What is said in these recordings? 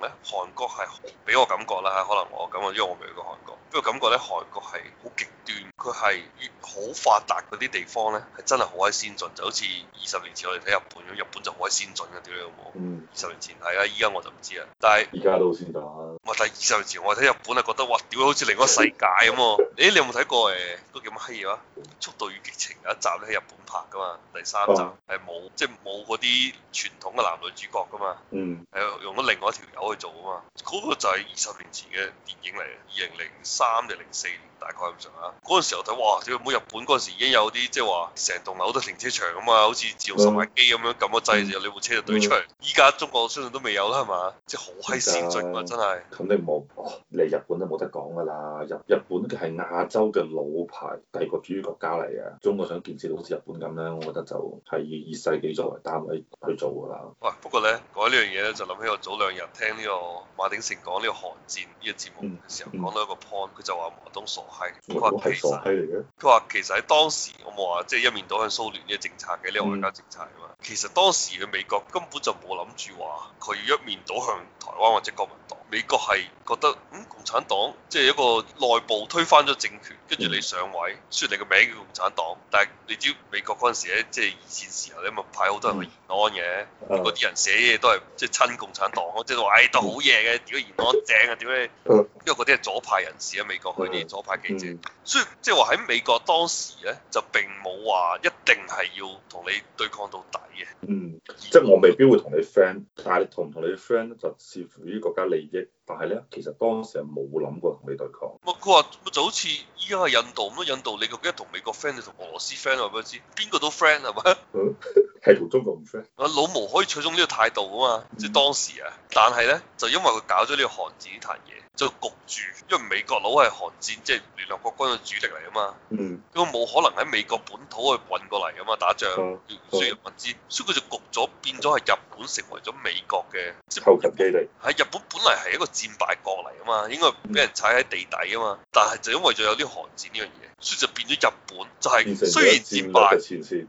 咧韓國係好俾我感覺啦，可能我感覺，因為我未去過韓國。不過感覺咧，韓國係好極端，佢係越好發達嗰啲地方咧，係真係好閪先進，就好似二十年前我哋睇日本咁，日本就好閪先進嘅屌你有冇？二十年前係啊，依家我就唔知啦。但係而家都先進。哇！但二十年前我睇日本係覺得哇，屌好似另一個世界咁。咦、欸？你有冇睇過誒？嗰叫乜閪嘢啊？《速度與激情》有一集咧喺日本拍噶嘛？第三集係冇，啊、即係冇嗰啲傳統嘅男女主角噶嘛？嗯。係用咗另外一條友。可以做啊嘛，嗰個就係二十年前嘅電影嚟嘅，二零零三定零四年。大概唔上啊。嗰、那、陣、個、時候睇，哇！點解冇日本嗰陣時已經有啲即係話成棟樓都停車場咁啊？好似自動售賣機咁樣撳個掣，然後你部車就對出嚟。依家、嗯、中國相信都未有啦，係嘛？即係好閪先進啊！但真係的。肯定冇。嚟日本都冇得講㗎啦。日日本佢係亞洲嘅老牌帝國主義國家嚟嘅。中國想建設好似日本咁咧，我覺得就係以，以世紀作為單位去做㗎啦。喂，不過咧講呢樣嘢咧，就諗起我早兩日聽呢個馬鼎盛講呢個《韓戰》呢個節目嘅時候，講到一個 point，佢就話毛東傻。係，佢話其實係嘅，佢話其實喺當時，我冇話即係一面倒向蘇聯啲政策嘅呢個外交政策啊嘛。其實當時嘅美國根本就冇諗住話佢一面倒向台灣或者國民黨。美國係覺得，嗯，共產黨即係、就是、一個內部推翻咗政權，跟住你上位，嗯、雖然你個名叫共產黨。但係你知美國嗰陣時咧，即係二戰時候咧，咪派好多人去延安嘅，嗰啲、嗯、人寫嘢都係即係親共產黨，即係話哎，都好嘢嘅，如果延安，安正啊，點解，因為嗰啲係左派人士，喺美國佢哋左派。嗯嗯嗯嗯、所以即係話喺美國當時咧，就並冇話一定係要同你對抗到底嘅。嗯，而即係我未必會同你 friend，但係你同唔同你 friend 咧就視乎於國家利益。但係咧，其實當時係冇諗過同你對抗。佢話、嗯、就好似依家係印度咁咯，印度你究竟係同美國 friend 你同俄羅斯 friend 啊？不知邊個都 friend 係咪？嗯，係同中國唔 friend。啊，老毛可以採用呢個態度啊嘛？即係當時啊，嗯、但係咧就因為佢搞咗呢個韓戰呢壇嘢。就焗住，因為美國佬係韓戰即係聯合國軍嘅主力嚟啊嘛，咁冇可能喺美國本土去運過嚟啊嘛，打仗輸入軍資，所以佢就焗咗，變咗係日本成為咗美國嘅後勤基地。喺日本本來係一個戰敗國嚟啊嘛，應該俾人踩喺地底啊嘛，但係就因為仲有啲韓戰呢樣嘢，所以就變咗日本就係雖然戰敗，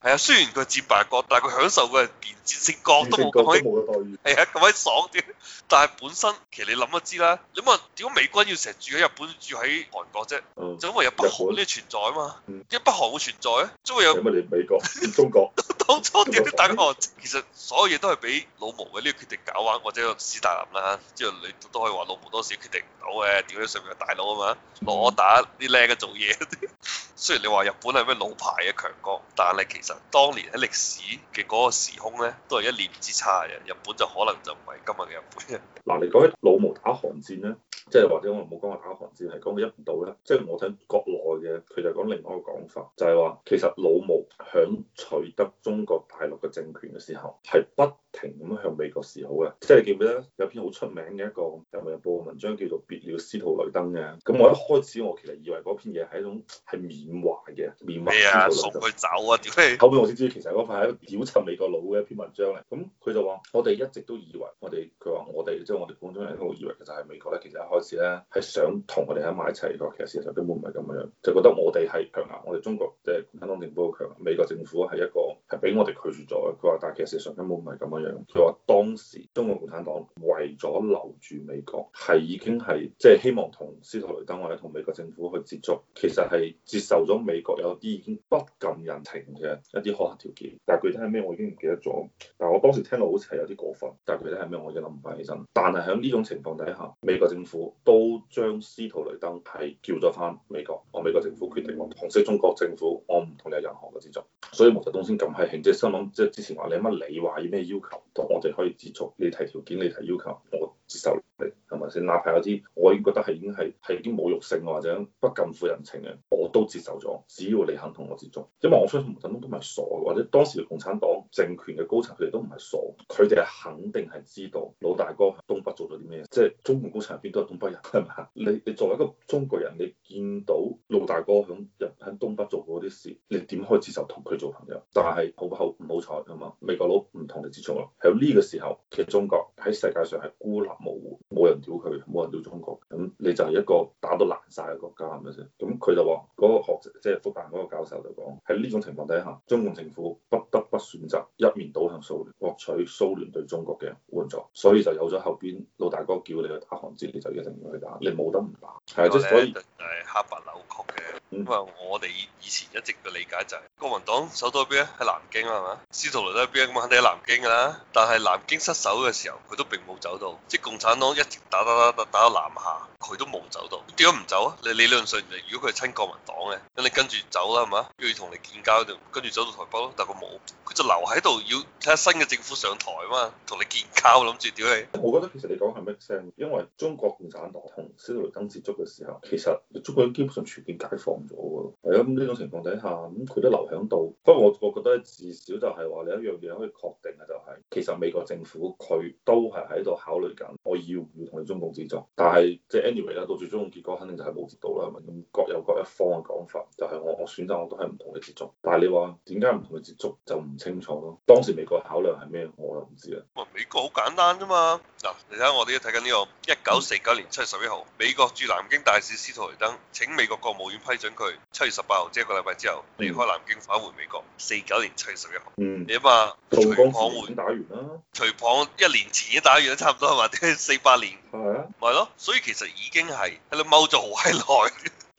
係啊，雖然佢戰敗國，但係佢享受嘅連戰勝國都冇咁閪，係啊，咁閪爽啲，但係本身其實你諗一知啦，你問。如果美軍要成日住喺日本住喺韓國啫，就、嗯、因為有北韓呢啲存在啊嘛，一、嗯、北韓會存在咧，因為有，有美國、中國、當初點打韓戰，其實所有嘢都係俾老毛嘅呢、呢個決定搞暈，或者有斯大林啦，之後你都可以話老毛當時決定唔到嘅，掉咗上面嘅大佬啊嘛，攞打啲靚嘅做嘢。嗯 雖然你話日本係咩老牌嘅強國，但係其實當年喺歷史嘅嗰個時空咧，都係一念之差嘅。日本就可能就唔係今日嘅日本。嗱、啊，你講起老毛打韓戰咧，即係或者我冇講話打韓戰，係講嘅一唔到咧。即、就、係、是、我睇國內嘅，佢就講另外一個講法，就係、是、話其實老毛響取得中國大陸嘅政權嘅時候係不。咁向美國示好嘅，即係你記唔記得有一篇好出名嘅一個《人民日報》嘅文章叫做《別了司徒雷登》嘅。咁我一開始我其實以為嗰篇嘢係一種係緬懷嘅，緬懷。咩啊？送佢走啊！屌你！後面我先知，其實嗰篇係一個屌臭美國佬嘅一篇文章嚟。咁佢、啊、就話：我哋一直都以為，我哋佢話我哋即係我哋廣東人都以為其實係美國咧，其實一開始咧係想同我哋喺埋一齊嘅，其實事實根本唔係咁樣，就覺得我哋係強硬，我哋中國即係共產黨政府強硬，美國政府係一個係俾我哋拒絕咗。佢話，但係其實事實根本唔係咁樣。佢話當時中國共產黨為咗留住美國，係已經係即係希望同司徒雷登或者同美國政府去接觸，其實係接受咗美國有啲已經不近人情嘅一啲苛刻條件。但係具體係咩，我已經唔記得咗。但係我當時聽到好似係有啲過分，但係具體係咩，我已經諗唔翻起身。但係喺呢種情況底下，美國政府都將司徒雷登係叫咗翻美國。我美國政府決定我紅色中國政府，我唔同你有任何嘅接觸。所以毛澤東先咁氣憤，即係心諗即係之前話你乜你話要咩要求？同我哋可以接觸，你提條件，你提要求，我接受你，係咪先？哪怕有啲我已經覺得係已經係係已經侮辱性或者不近人情嘅，我都接受咗。只要你肯同我接觸，因為我相信毛澤東都唔係傻嘅，或者當時嘅共產黨政權嘅高層佢哋都唔係傻，佢哋係肯定係知道老大哥喺東北做咗啲咩，即係中共高層入邊都係東北人，係咪？你你作為一個中國人，你見到。老大哥響入響東北做嗰啲事，你點開始就同佢做朋友？但係好後唔好彩啊嘛，美國佬唔同你接觸啦。喺呢個時候，其實中國喺世界上係孤立無援，冇人屌佢，冇人屌中國。咁你就係一個打到爛晒嘅國家，係咪先？咁佢就話嗰、嗰個學者即係復旦嗰個教授就講，喺呢種情況底下，中共政府不得。選擇一面倒向蘇聯，獲取蘇聯對中國嘅援助，所以就有咗後邊老大哥叫你去打韓戰，你就一定要去打，你冇得唔打。係啊，即係所以。黑白扭曲嘅。因為、嗯、我哋以前一直嘅理解就係，國民黨首都喺邊啊？喺南京啦，係嘛？司徒雷登喺邊啊？咁肯定喺南京㗎啦。但係南京失守嘅時候，佢都並冇走到，即係共產黨一直打打打打打到南下，佢都冇走到。點解唔走啊？你理論上、就係，你如果佢係親國民黨嘅，咁你跟住走啦，係嘛？要同你建交，跟住走到台北咯。但係佢冇，佢就留喺度，要睇下新嘅政府上台啊嘛，同你建交，諗住屌你！我覺得其實你講係咩聲？因為中國共產黨同司徒雷登接觸嘅時候，其實中國基本上全面解放咗喎，咁呢、嗯、種情況底下，咁佢都留喺度。不過我，我覺得至少就係話你一樣嘢可以確定嘅就係、是，其實美國政府佢都係喺度考慮緊，我要唔要同你中共接觸？但係即係 anyway 啦，Any way, 到最終結果肯定就係冇接到啦，係咪？咁各有各一方嘅講法，就係、是、我我選擇我都係唔同你接觸。但係你話點解唔同你接觸就唔清楚咯。當時美國考慮係咩，我又唔知啦。美國好簡單啫嘛。你睇下我哋都睇緊呢個一九四九年七月十一號，美國駐南京大使司徒雷登請美國國務院批准佢七月十八號，即係個禮拜之後離開南京返回美國。四九年七月十一號，嗯，你啊嘛，徐蚌會打完啦，徐蚌一年前都打完，差唔多係嘛？四八年，係啊，咪係咯，所以其實已經係喺度踎咗好耐。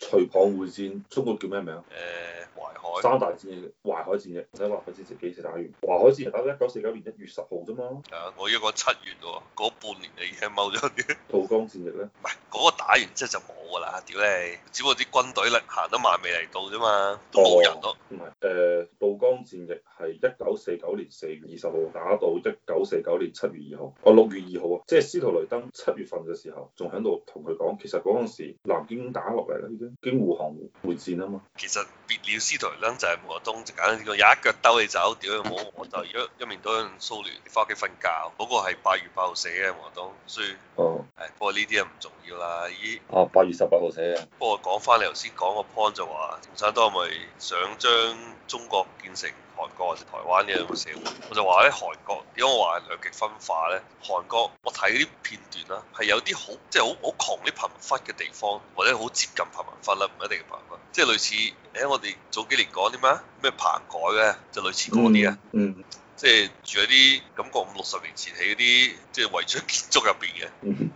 徐蚌會戰，中國叫咩名啊？誒、呃、淮海三大戰役，淮海戰役。你話佢戰事幾時打完？淮海戰役打到一九四九年一月十號啫嘛。係啊，我已經講七月喎，嗰半年你已經踎咗啲。渡江戰役咧？唔係，嗰、嗰個打完之後就冇㗎啦。屌你，只不過啲軍隊行得慢未嚟到啫嘛，都冇人咯。唔係、哦，誒渡江戰役係一九四九年四月二十號打到一九四九年七月二號。我、哦、六月二號啊，即係司徒雷登七月份嘅時候仲喺度同佢講，其實嗰陣時南京打落嚟啦已經。跟胡漢互戰啊嘛，其實別了司徒雷登就係毛澤東就，就簡單講，有一腳兜你走，屌你冇我就一一面都蘇聯翻屋企瞓覺，嗰、那個係八月八號死嘅毛澤東，所以哦，誒不過呢啲嘢唔重要啦，咦，哦八月十八號死嘅，不過講翻、哦、你頭先講個 point 就話，共產黨係咪想將中國建成？韓國或者台灣嘅咁嘅社會，我就話咧韓國，點解我話兩極分化咧？韓國我睇啲片段啦，係有啲好即係好好窮啲貧民窟嘅地方，或者好接近貧民窟啦，唔一定嘅貧民窟，即、就、係、是、類似喺、欸、我哋早幾年講啲咩咩棚改嘅，就類似嗰啲啊，即係、嗯嗯、住喺啲感覺五六十年前喺嗰啲即係遺產建築入邊嘅。嗯。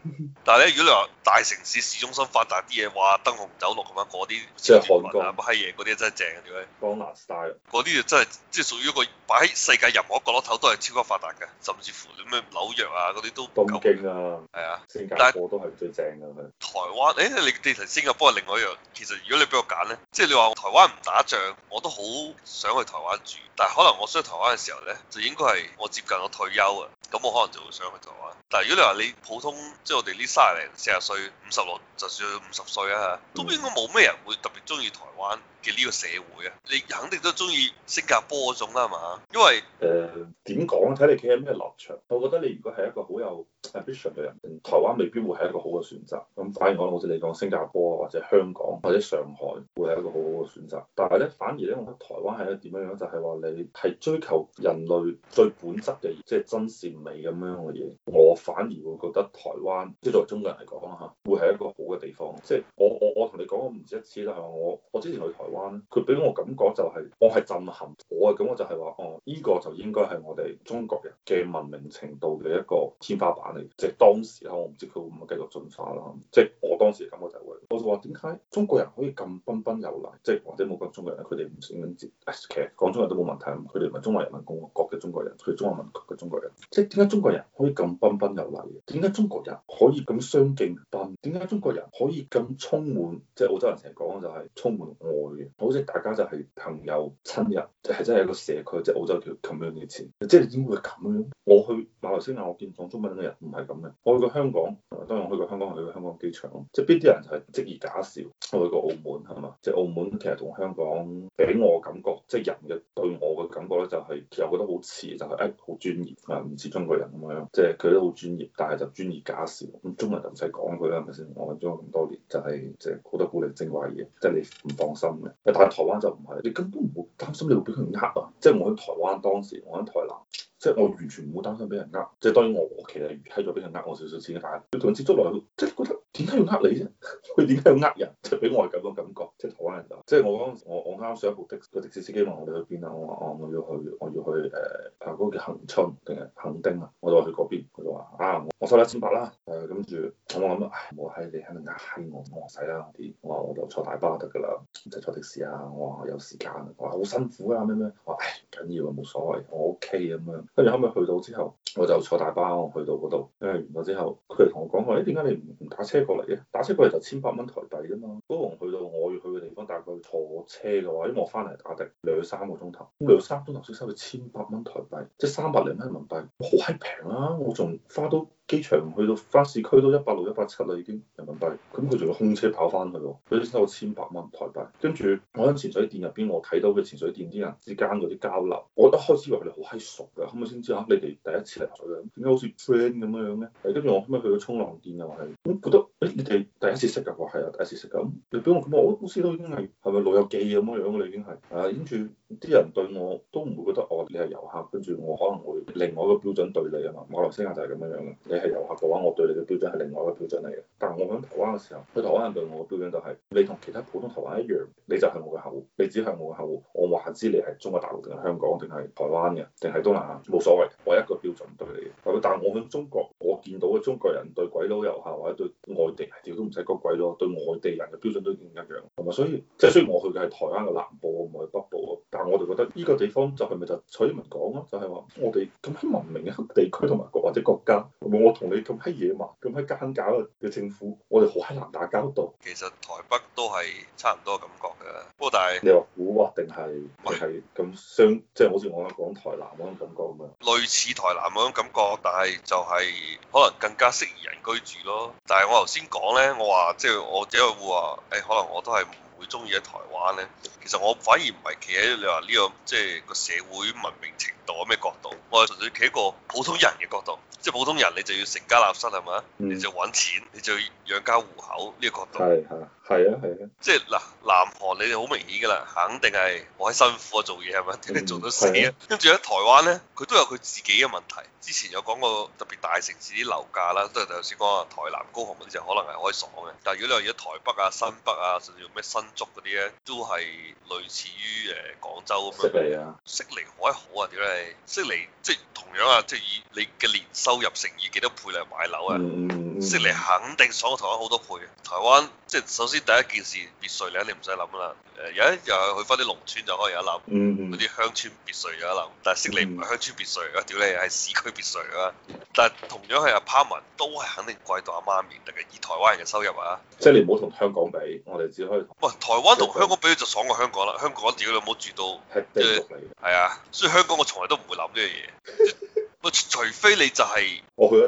但係咧，如果你話大城市市中心發達啲嘢話，燈紅酒綠咁樣，嗰啲即係韓國啊乜閪嘢，嗰啲真係正。點解？江南 style，嗰啲就真係即係屬於一個擺喺世界任何角落攞頭都係超級發達嘅，甚至乎咁樣紐約啊嗰啲都夠。東京啊，係啊，新加坡都係最正㗎嘛。台灣，誒、欸、你地前新加坡係另外一樣。其實如果你俾我揀咧，即係你話台灣唔打仗，我都好想去台灣住。但係可能我想去台灣嘅時候咧，就應該係我接近我退休啊，咁我可能就會想去台灣。但係如果你話你普通，即係我哋呢？卅零四十歲五十落，就算五十歲啊，都應該冇咩人會特別中意台灣嘅呢個社會啊！你肯定都中意新加坡嗰種啦係嘛？因為誒點講？睇你企喺咩立場。我覺得你如果係一個好有 ambition 嘅人，台灣未必會係一個好嘅選擇。咁反而我好似你講新加坡啊，或者香港或者上海會係一個好好嘅選擇。但係咧反而咧，我覺得台灣係一個點樣，就係話你係追求人類最本質嘅，即係真善美咁樣嘅嘢。我反而會覺得台灣中國人嚟講啊，嚇，會係一個好嘅地方。即係我我我同你講唔止一次啦，我我之前去台灣，佢俾我感覺就係，我係震撼。我嘅感覺就係話，哦，呢個就應該係我哋中國人嘅文明程度嘅一個天花板嚟。即係當時啦，我唔知佢會唔會繼續進化啦。即係我當時嘅感覺就會。我就話點解中國人可以咁彬彬有禮，即係或者冇講中國人佢哋唔識英文字。其實講中國人都冇問題。佢哋唔係中華人民共和國嘅中國人，佢哋中華民國嘅中國人。即係點解中國人可以咁彬彬有禮？點解中國人可以咁相敬如賓？點解中國人可以咁充滿？即係澳洲人成日講就係充滿愛嘅。好似大家就係朋友親人，就係真係一個社區。即係澳洲叫 community，即係點會咁樣？我去馬來西亞，我見講中文嘅人唔係咁嘅。我去過香港，當然我去過香港，去過香港機場，即係邊啲人就係。而假笑，我去過澳門係嘛？即係澳門其實同香港俾我感覺，即係人嘅對我嘅感覺咧、就係，就係我覺得好似，就係一好專業啊，唔似中國人咁樣，即係佢都好專業，但係就專業假笑。咁中國人就唔使講佢啦，係咪先？我喺中國咁多年，就係即係好多古靈精怪嘅嘢，即係你唔放心嘅。但係台灣就唔係，你根本唔會擔心你會俾佢呃啊！即係我喺台灣當時，我喺台南，即係我完全唔會擔心俾人呃。即係當然我其實喺度俾人呃我少少錢，但係你同佢接觸落去，即係覺得。點解要呃你啫？佢點解要呃人？就俾我係噉嘅感覺，即係台灣人就即係我嗰陣時，我我啱啱上一部的士，個的士司機問我哋去邊啊？我話我我要去，我要去誒啊！嗰、呃嗰個叫恒春定係墾丁啊？我就話去嗰邊，佢就話啊！我收一千八啦。誒，跟住我諗，唉，我閪你肯定呃我。我話唔使啦，啲我話我就坐大巴就得㗎啦，就坐的士啊。我話有時間，我話好辛苦啊，咩咩。我話誒唔緊要啊，冇所謂，我 OK 咁樣。跟住後尾去到之後，我就坐大巴去到嗰度。跟住完咗之後，佢哋同我講話，誒、欸，點解你唔唔打車？過嚟嘅打車過嚟就千八蚊台幣啫嘛。如果去到我，我要去嘅地方，大概坐車嘅話，因為我翻嚟打的兩三個鐘頭，兩三個鐘頭先收佢千八蚊台幣，即係三百零蚊人民幣，好閪平啊！我從花都機場去到花市區都一百六一百七啦，已經人民幣。咁佢仲要空車跑翻去，佢都收千百蚊台幣。跟住我喺潛水店入邊，我睇到嘅潛水店啲人之間嗰啲交流，我一開始以為你好閪熟嘅，後尾先知嚇你哋第一次嚟咗嘅，點解好似 friend 咁樣樣咧？誒，跟住我後尾去咗沖浪店又係咁覺得，誒、欸、你哋第一次食嘅喎，係啊第一次食咁，你俾我咁我公司都已經係係咪老友記咁樣樣咧已經係，係跟住。啲人對我都唔會覺得，哦，你係遊客，跟住我可能會另外一個標準對你啊嘛。馬來西亞就係咁樣樣嘅，你係遊客嘅話，我對你嘅標準係另外一個標準嚟嘅。但係我響台灣嘅時候，佢台灣人對我嘅標準就係，你同其他普通台灣一樣，你就係我嘅客戶，你只係我嘅客戶，我話知你係中國大陸定係香港定係台灣嘅，定係東南亞冇所謂，我一個標準對你。但係我響中國，我見到嘅中國人對鬼佬遊客或者對外地人，你都唔使講鬼咗，對外地人嘅標準都已經一樣。同埋所以，即係雖然我去嘅係台灣嘅南部，唔去北部，我哋覺得呢個地方就係咪就是蔡英文講咯？就係、是、話我哋咁閪文明嘅地區同埋國或者國家，冇我同你咁閪野蠻、咁閪奸狡嘅政府，我哋好閪難打交道。其實台北都係差唔多感覺嘅，不過但係你話古惑定係定係咁雙，即係是好似我講台南嗰種感覺咁樣？類似台南嗰種感覺，但係就係可能更加適宜人居住咯。但係我頭先講咧，我話即係我只係會話、欸，可能我都係。最中意喺台灣咧，其實我反而唔係企喺你話呢個，即係個社會文明度咩角度，我係純粹企一個普通人嘅角度，即係普通人你就要成家立室係嘛，嗯、你就揾錢，你就要養家糊口呢、呢個角度係嚇，係啊係啊，即係嗱南韓你哋好明顯㗎啦，肯定係好辛苦啊做嘢係嘛，你、嗯、做到死啊，跟住喺台灣呢，佢都有佢自己嘅問題。之前有講過特別大城市啲樓價啦，都係頭先講話，台南、高雄嗰啲就可能係開爽嘅，但係如果你話如果台北啊、新北啊，甚至咩新竹嗰啲呢，都係類似於誒廣州咁樣，悉尼啊，悉尼海好啊點咧？係，即係你，即係同樣啊，即係以你嘅年收入乘以幾多倍嚟買樓啊？嗯悉尼肯定爽過台灣好多倍。台灣即係首先第一件事，別墅你肯定唔使諗啦。誒、呃，有一日去翻啲農村就可能、嗯、有一諗。嗰啲鄉村別墅有一諗，但係悉尼唔係鄉村別墅啊，屌你係市區別墅啊。但係同樣係阿 part 文都係肯定貴到阿媽面，特別以台灣人嘅收入啊。即係你唔好同香港比，我哋只可以。哇！台灣同香港比就爽過香港啦。香港屌你冇住到，係地獄嚟。係啊，所以香港我從來都唔會諗呢樣嘢。我 除非你就係、是、我去得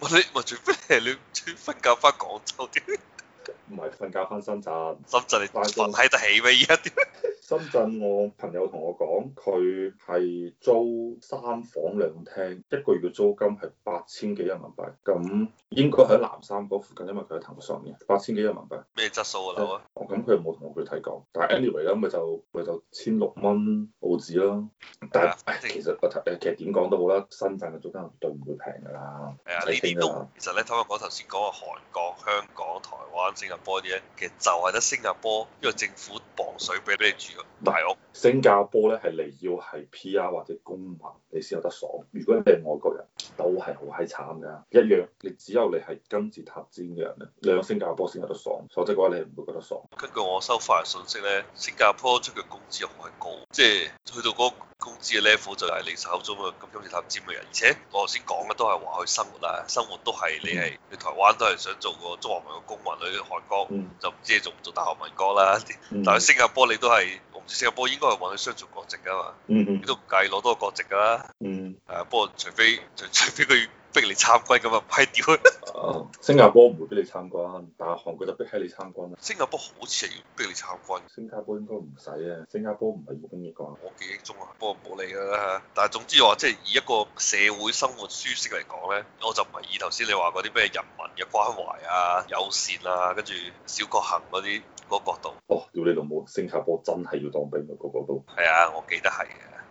我你我除非你除非瞓翻廣州點？唔係瞓覺翻深圳。深圳你瞓睇得起咩？依家啲。深圳我朋友同我講，佢係租三房兩廳，一個月嘅租金係八千幾人民幣。咁應該喺南山嗰附近，因為佢喺騰訊嘅。八千幾人民幣，咩質素啊？都咁佢又冇同我具體講。但係 anyway 咧，咪就咪就千六蚊澳紙咯。但係其實我頭，其實點講都好啦，深圳嘅租金絕對唔會平㗎啦。係啊，呢啲都其實你睇我嗰頭先講韓國、香港、台灣、新加坡啲咧，其實就係得新加坡，因為政府磅水俾你住。大屋，新加坡咧係你要係 P R 或者公民，你先有得爽。如果你係外國人，都係好閪慘噶，一樣。你只有你係金字塔尖嘅人咧，你有新加坡先有得爽。否則嘅話，你係唔會覺得爽。根據我收發嘅信息咧，新加坡出嘅工資好係高，即係去到嗰個工資嘅 level 就係你手中嘅金字塔尖嘅人。而且我頭先講嘅都係話去生活啊，生活都係你係，嗯、你台灣都係想做個中華民嘅公民去韓國，嗯、就唔知你做唔做大韓民歌啦。嗯、但係新加坡你都係。我唔知新加坡應該係允許雙重國籍噶嘛，mm hmm. 你都唔介意攞多個國籍噶啦，誒不過除非，除，除非佢。逼你參軍噶嘛？批點啊？新加坡唔會逼你參軍，但係韓國就逼喺你參軍啦。新加坡好似係要逼你參軍。新加坡應該唔使啊。新加坡唔係冇兵役噶。我記憶中啊，不過冇理佢啦。但係總之我話即係以一個社會生活舒適嚟講咧，我就唔係以頭先你話嗰啲咩人民嘅關懷啊、友善啊，跟住小國行嗰啲嗰個角度。哦，屌你老母！新加坡真係要當兵啊，嗰、嗰個都。係啊，我記得係嘅。